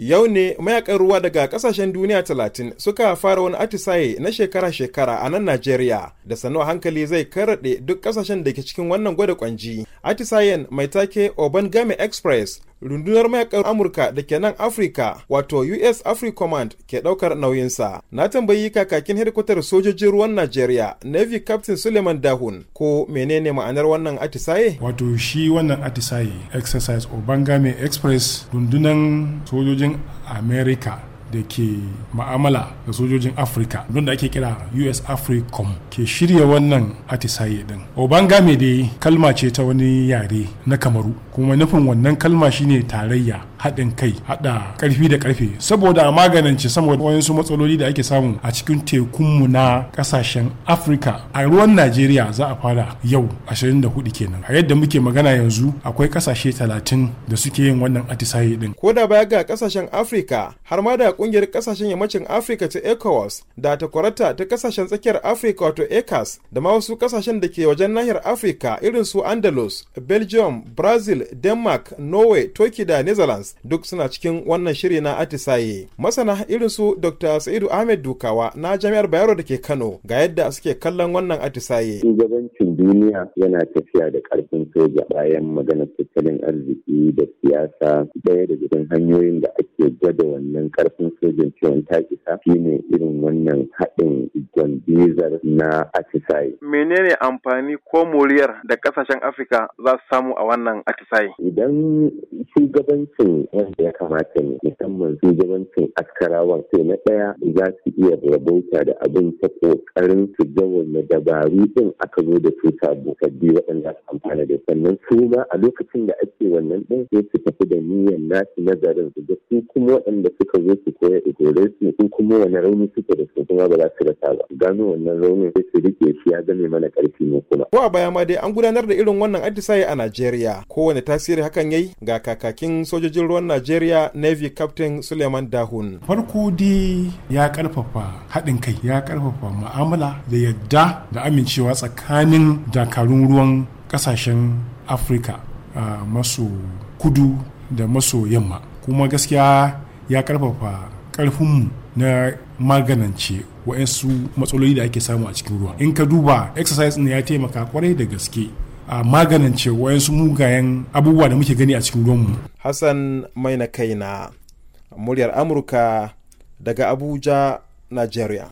Yau ne mayakan ruwa daga kasashen duniya talatin suka fara wani atisaye na shekara-shekara a nan Najeriya da sannu hankali zai karaɗe duk kasashen da ke cikin wannan gwada kwanji. Atisayen mai take Game Express rundunar mayakan amurka da ke nan afirka wato us africa command ke daukar nauyinsa na tambayi kakakin hedikwatar sojojin ruwan najeriya navy captain suleiman dahun ko menene ma'anar wannan atisaye wato shi wannan atisaye exercise obangame express rundunar sojojin america da ke ma'amala da sojojin afirka don da ake kira us africom ke shirya wannan atisaye din mai dai kalma ce ta wani yare na kamaru kuma nufin wannan kalma shine tarayya haɗin kai haɗa ƙarfi da ƙarfe saboda a maganance saboda su matsaloli da ake samu a cikin tekunmu na ƙasashen afirka a ruwan najeriya za a fara yau 24 kenan a yadda muke magana yanzu akwai ƙasashe 30 da suke yin wannan atisaye din ko da baya ga ƙasashen afirka har ma da kungiyar kasashen yammacin Afirka ta ECOWAS da ta ta kasashen tsakiyar Afirka wato ECAS da ma wasu kasashen da ke wajen nahiyar Afirka irin su Andalus, Belgium, Brazil, Denmark, Norway, Turkey da Netherlands duk suna cikin wannan shiri na atisaye. Masana irin su Dr. Sa'idu Ahmed Dukawa na Jami'ar Bayero da ke Kano ga yadda suke kallon wannan atisaye. Shugabancin duniya yana tafiya da karfin soja bayan maganar tattalin arziki da siyasa ɗaya da cikin hanyoyin da ake gwada wannan karfin sojan ciwon ta isa shine irin wannan haɗin gwandizar na atisaye. Menene amfani ko moriyar da ƙasashen Afirka za su samu a wannan atisaye? Idan shugabancin wanda ya kamata ne musamman shugabancin askarawan sai na ɗaya za su iya rabauta da abin ta ƙoƙarin su na dabaru din aka zo da su sabo sabbi waɗanda su amfana da sannan su ma a lokacin da ake wannan ɗin sai su tafi da niyyar nasu nazarin su ga su kuma waɗanda suka zo su koya igore su su kuma wani rauni suke da su kuma ba za su rasa ba gano wannan raunin sai su rike shi ya zame mana ƙarfi ne kuma. ko a baya ma dai an gudanar da irin wannan atisaye a najeriya kowane tasiri hakan yayi ga kakakin sojojin ruwan najeriya navy captain suleiman dahun. farko dai ya karfafa haɗin kai ya karfafa mu'amala da yadda da amincewa tsakanin dakarun ruwan kasashen afirka maso kudu da maso yamma kuma gaskiya ya karfafa karfinmu na maganance wa'yansu matsaloli da ake samu a cikin ruwa in ka duba exercise ne ya taimaka kwarai da gaske a maganance wa'yansu mugayen abubuwa da muke gani a cikin ruwanmu hassan mai na kai na muryar amurka daga abuja nigeria